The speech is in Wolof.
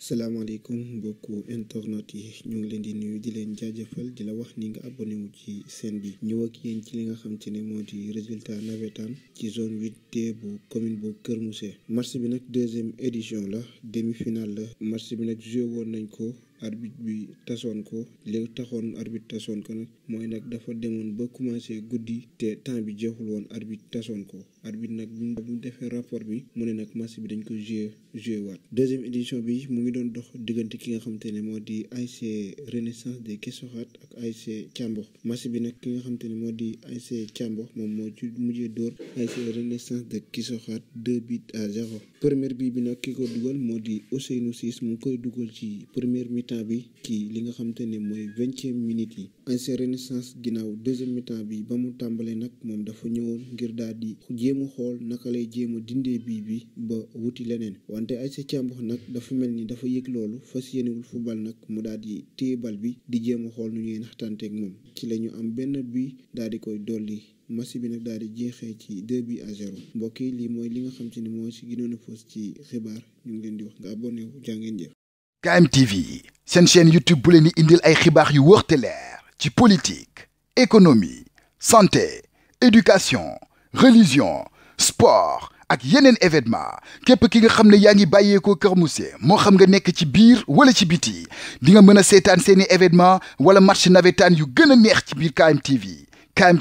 salaamaaleykum mbokku internet yi ñu ngi leen di nuyu di leen jaajëfal di la wax ni nga abonné wu ci seen bi ñëw ak yéen ci li nga xam te ne moo di résultat navétane ci zone 8D bu commune bu Kër Moussé match bi nag deuxième édition la demi-finale la match bi nag joué woon nañ ko arbitre bi tasoon ko léegi taxoon arbitre tasoon ko nag mooy nag dafa demoon ba commencé guddi te temps bi jeexul woon arbitre tasoon ko arbitre nag bi mu defee rapport bi mu ne nag match bi dañ ko joué joué waat deuxième édition mi doon dox diggante ki nga xamante ne moo di ASC Renaissance de Kesoxat ak ASC bi nag ki nga xamante ne moo di ASC Thiambo moom moo ci mujjee dóor ASC Renaissance de Kesoxat deux buts à zéro première bi bi nag ki ko dugal moo di Ousseynou Ciss mu koy dugal ci première mi bi ci li nga xamante ne mooy vingtième minute yi ASC Renaissance ginnaaw deuxième mi-temps bi ba mu tàmbalee nag moom dafa ñëwoon ngir daal di jéem a xool naka lay jéem a dindee bi bi ba wuti leneen wante ASC Thiambo nag dafa mel ni dafa dafa yëg loolu fas yéenewul football nag mu daal di téye bal bi di jéem a xool nu ñuy ak moom ci lañu am benn bi daal di koy dolli match bi nag daal di jeexee ci 2 bi à 0 mbokk yi lii mooy li nga xam ci ni moo ci gënoon a fës ci xibaar ñu ngi leen di wax nga abonné wu jàngeen jëf KMTV seen chaîne YouTube bu leen di indil ay xibaar yu wër te leer ci politique économie santé éducation religion sport ak yeneen événement képp ki nga xam ne yaa ngi bàyyeekoo Kër Mousse moo xam nga nekk ci biir wala ci biti di nga mën a seetaan seeni événement wala match navétane yu gën a neex ci biir KMTV KM